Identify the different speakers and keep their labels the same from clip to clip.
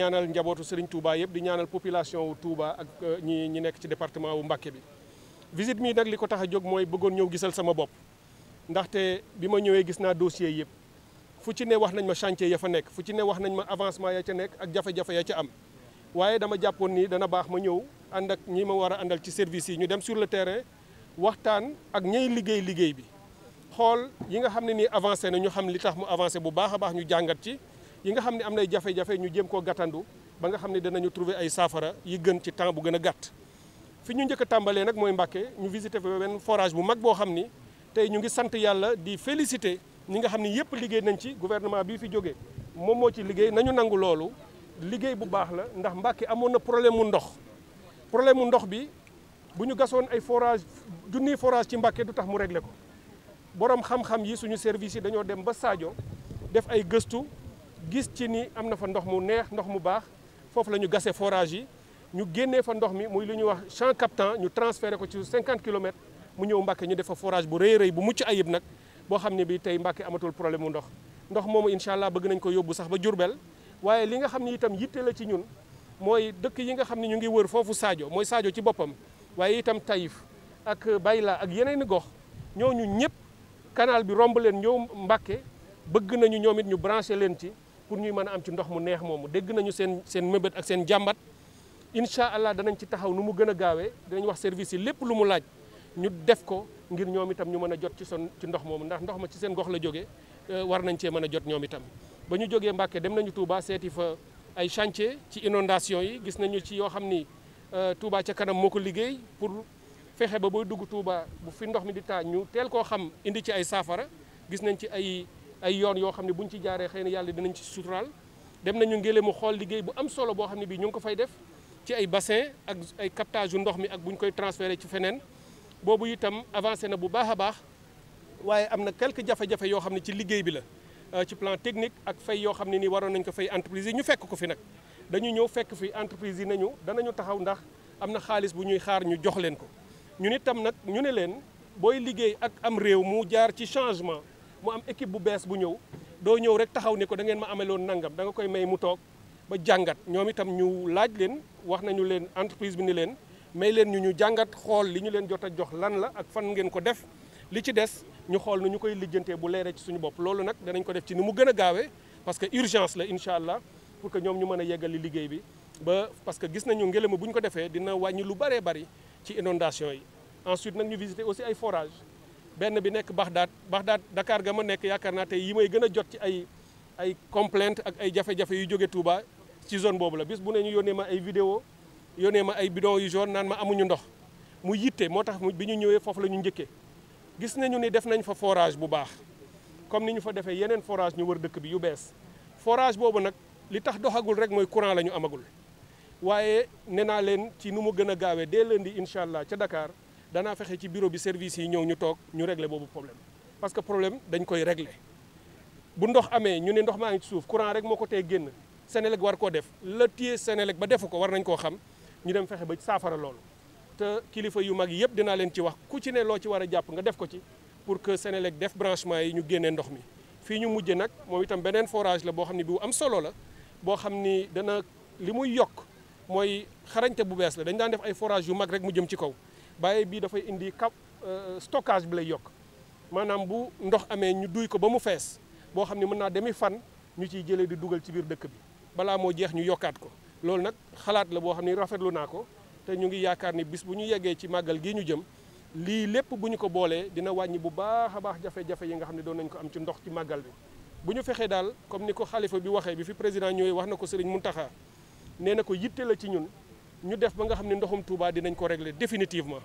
Speaker 1: ñaanal njabootu Serigne Touba yëpp di ñaanal population wu Touba ak euh, ñi ñi nekk ci département wu Mbacké bi visite mii nag li ko tax a jóg mooy bëggoon ñëw gisal sama bopp ndaxte bi ma ñëwee gis naa dossier yëpp fu ci ne wax nañ ma chantier ya fa nekk fu ci ne wax nañ ma avancement ya ca nekk ak jafe-jafe ya ca am waaye dama jàppoon nii dana baax ma ñëw ànd ak ñii ma war a àndal ci service yi ñu dem sur le terrain waxtaan ak ñay liggéey liggéey bi xool yi nga xam ne nii avancé na ñu xam li tax mu avancé bu baax a baax ñu jàngat ci yi nga xam ne am nay jafe-jafe ñu jëm koo gàttandu ba nga xam ne danañu trouver ay saafara yi gën ci temps bu gën a gàtt fi ñu njëkk tàmbalee nag mooy Mbàkke ñu visité fa benn forage bu mag boo xam ni tey ñu ngi sant yàlla di félicité ñi nga xam ni yëpp liggéey nañ ci gouvernement bi fi jógee moom moo ci liggéey nañu nangu loolu liggéey bu baax la ndax Mbàkke amoon na problème mu ndox problème mu ndox bi bu ñu gasoon ay forage junniy forage ci Mbàkke du tax mu réglé ko borom xam yi suñu service dañoo dem ba Sadio def ay gëstu gis ci ni am na fa ndox mu neex ndox mu baax foofu la ñu gasee forage yi ñu génnee fa ndox mi muy lu ñuy wax champ captant ñu transféré ko ci 50 kilomètres mu ñëw Mbàkke ñu def fa forage bu rëy rëy bu mucc ayib nag boo xam ne bi tey Mbàkke amatul problème mu ndox ndox moom incha allah bëgg nañ ko yóbbu sax ba Jurbel waaye li nga xam ne itam yitte la ci ñun mooy dëkk yi nga xam ne ñu ngi wër foofu saajo mooy Sadio ci boppam waaye itam Taïf ak Bayla ak yeneen i gox ñooñu ñëpp canal bi romb leen ñëw Mbàkke bëgg nañu ñoom it ñu branché leen ci pour ñuy mën a am ci ndox mu neex moomu dégg nañu seen seen mébét ak seen jàmbat incha allah danañ ci taxaw nu mu gën a gaawee danañ wax service yi lépp lu mu laaj ñu def ko ngir ñoom itam ñu mën a jot ci son ci ndox moomu ndax ndox ma ci seen gox la jógee euh, war nañ cee mën a jot ñoom itam ba ñu jógee mbàkkee dem nañu Touba seeti fa ay chantier ci inondation yi gis nañu ci yoo xam ni euh, Touba ca kanam moo ko liggéey pour fexe ba booy dugg tuubaa bu fi ndox mi di taa ñu teel koo xam indi ci ay saafara gis nañ ci ay ay yoon yoo xam ne buñ ci jaaree xëy na yàlla dinañ ci suturaal dem nañu ngele mu xool liggéey bu am solo boo xam ne bii ñu ngi ko fay def ci ay bassin ak ay captage yu ndox mi ak bu ñu koy transféré ci feneen boobu itam avancé na bu baax a baax waaye am na quelques jafe-jafe yoo xam ne ci liggéey bi la euh, ci plan technique ak fay yoo xam ne nii waroon nañ ko fay entreprise yi ñu fekk ko fi nag dañu ñëw fekk fi entreprise yi nañu danañu taxaw ndax am na xaalis bu ñuy xaar ñu jox leen ko ñun itam nag ñu ne leen booy liggéey ak am réew mu jaar ci changement mu am équipe bu bees bu ñëw doo ñëw rek taxaw ne ko da ngeen ma ameloon nangam danga koy may mu toog ba jàngat ñoom itam ñu laaj leen wax nañu leen entreprise bi ni leen may leen ñu ñu jàngat xool li ñu leen jot a jox lan la ak fan ngeen ko def li ci des ñu xool nu ñu koy lijjantee bu leeree ci suñu bopp loolu nag danañ ko def ci ni mu gën a gaawee parce que urgence la incha allah pour que ñoom ñu mën a yeggali liggéey bi ba parce que gis nañu ngelaw ma bu ñu ko defee dina wàññi lu bëree bëri ci inondation yi ensuite nag ñu visiter aussi ay forage benn bi nekk Bagdad Bagdad dakaar ga ma nekk yaakaar naa tey yi may gën a jot ci ay ay complainte ak ay jafe-jafe yu jóge Touba ci zone boobu la bis bu ne ñu yónnee ma ay video yónnee ma ay bidon yu jaune naan ma amuñu ndox mu yitte moo tax bi ñu ñëwee foofu la ñu njëkkee gis nañu ni def nañ fa forage bu baax comme ni ñu fa defee yeneen forage ñu wër dëkk bi yu bees forage boobu nag li tax doxagul rek mooy courant la ñu amagul waaye nee naa leen ci nu mu gën a gaawee dès lundi incha allah ca Dakar danaa fexe ci bureau bi service yi ñëw ñu toog ñu régler boobu problème parce que problème dañ koy régler bu ndox amee ñu ne ndox maa ngi ci suuf courant rek moo ko tee génn Sénélec war koo def la téye Sénélec ba defu ko war nañ koo xam ñu dem fexe ba saafara loolu te kilifa yu mag yëpp dinaa leen ci wax ku ci ne loo ci war a jàpp nga def ko ci pour que Sénélec def branchement yi ñu génnee ndox mi fii ñu mujje nag moom itam beneen forage la boo xam ne bi am solo la boo xam ni dana li muy yokk mooy xarañte bu bees la dañ daan def ay forage yu mag rek mu jëm ci kaw bàyyi bii dafay indi cap euh, stockage bi lay yokk maanaam bu ndox amee ñu duy ko ba mu fees boo xam ne mën naa demi fan ñu ciy jëlee di dugal ci biir dëkk bi balaa moo jeex ñu yokkaat ko loolu nag xalaat la boo xam ne rafetlu naa ko te ñu ngi yaakaar ni bis bu ñu yeggee ci màggal gii ñu jëm lii lépp bu ñu ko boolee dina wàññi bu baax a baax jafe-jafe yi nga xam ne doon nañ ko am ci ndox ci màggal bi bu ñu fexee daal comme ni ko xalifa bi waxee bi fi président ñëwee wax na ko sëriñ Muntaxa nee na ko yitte la ci ñun ñu def ba nga xam ne ndoxum Touba dinañ ko régler définitivement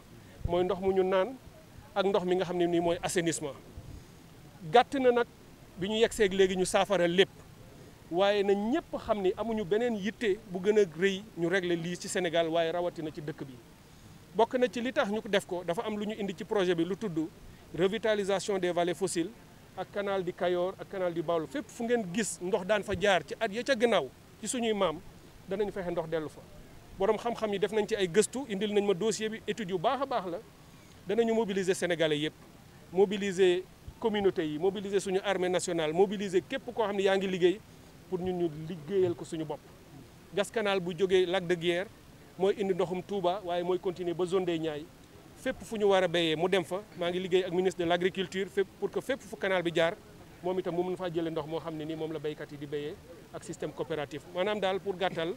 Speaker 1: mooy ndox mu ñu naan ak ndox mi nga xam ne nii mooy assainissement gàtt na nag bi ñu yegseeg léegi ñu saafara lépp waaye na ñëpp xam ni amuñu beneen yitte bu gën a rëy ñu régler lii ci Sénégal waaye rawatina ci dëkk bi bokk na ci li tax ñu def ko dafa am lu ñu indi ci projet bi lu tudd revitalisation des vallées fossiles ak kanaal di Kayor ak canal di Bawol fépp fu ngeen gis ndox daan fa jaar ci at ca gannaaw suñuy maam danañ fexe ndox dellu fa borom xam-xam yi def nañ ci ay gëstu indil nañ ma dossier bi étude yu baax a baax la danañu mobiliser sénégalais yëpp mobiliser communauté yi mobiliser suñu armée nationale mobiliser képp koo xam ne yaa ngi liggéey pour ñu ñu liggéeyal ko suñu bopp. gas canal bu jógee lac de Guiers mooy indi ndoxum Touba waaye mooy continuer ba zone des Niayes fépp fu ñu war a béyee mu dem fa maa ngi liggéey ak ministre de l' agriculture fépp pour que fépp fu canal bi jaar moom itam mu mun faa jëlee ndox xam ne ni la béykat yi di béyee ak maanaam daal pour gàttal.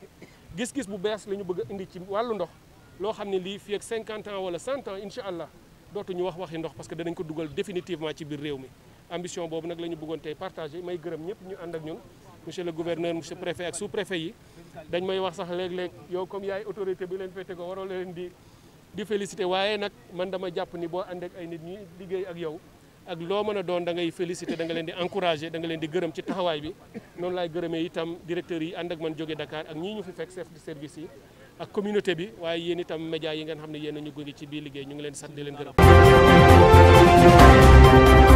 Speaker 1: gis-gis bu bees la ñu bëgg a indi ci wàllu ndox loo xam ne lii fii ak 50 ans wala 100 ans incha allah dootuñu wax waxi ndox parce que danañ ko dugal définitivement ci biir réew mi ambition boobu nag lañu ñu bëggoon tey partagé may gërëm ñëpp ñu ànd ak ñun monsieur le gouverneur monsieur préfet ak sous préfet yi dañ may wax sax léeg-léeg yow comme yaay autorité bi leen féete ko waroo leen di di félicité waaye nag man dama jàpp ni boo ànd ak ay nit ñi liggéey ak yow ak loo mën a doon da ngay félicité da nga leen di encouragé da leen di gërëm ci taxawaay bi noonu laay gërëmee itam directeurs yi ànd ak man jóge Dakar ak ñii ñu fi fekk chef de service yi ak communauté bi waaye yéen itam média yi ngeen xam ne yéen a ñu gunge ci biir liggéey ñu ngi leen di sant di leen gërëm.